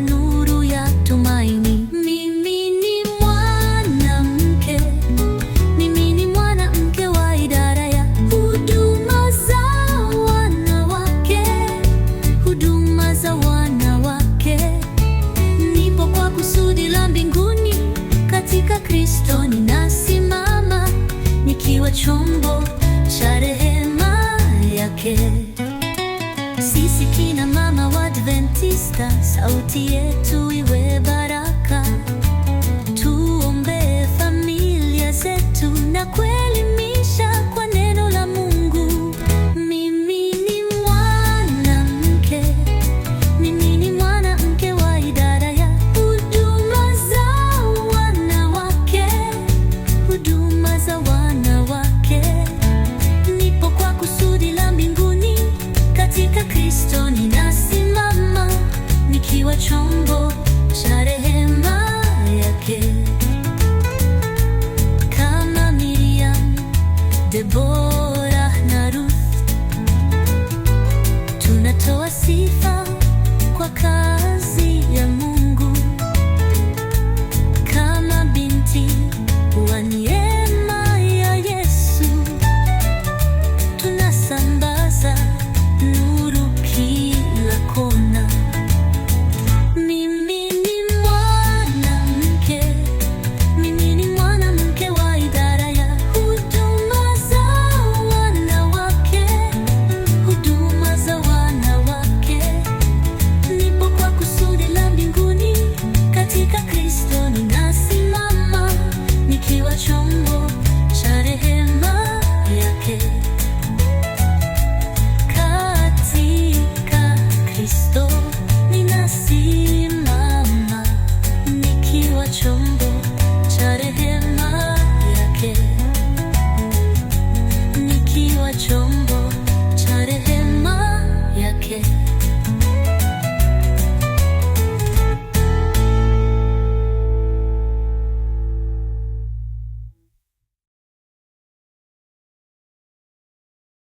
kuwa nuru ya tumaini. Mimi ni mwanamke, mimi ni mwanamke wa idara ya huduma za wanawake, huduma za wanawake. Nipo kwa kusudi la mbinguni, katika Kristo ninasimama, nikiwa chombo cha rehema yake. Insta sauti yetu iwe baraka 勝つかクリストになし」